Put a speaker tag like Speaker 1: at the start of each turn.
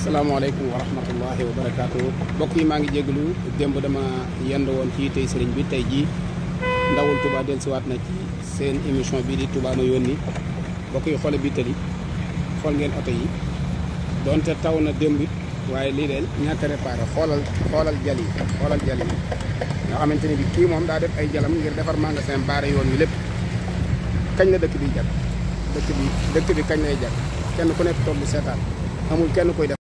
Speaker 1: asalaamaaleykum wa rahmatullahi wa barakaatu mbokk yi maa ngi jégalu démb dama yend woon ci tey sëriñ bi tey jii ndawul Touba dellusiwaat na ci seen émission bii di Touba no yónni mbokk yi xoole bi tëli xool ngeen oto yi donte taw na démb it waaye lii deel ñàkk réparé xoolal xoolal jal yi xoolal jal yi nga xamante ne bi kii moom daa def ay jalam ngir defar magasin baare yoon yi lépp kañ la dëkk bi jag dëkk bi dëkk bi kañ lay jag kenn ku nekk toog di seetaan amul kenn koy def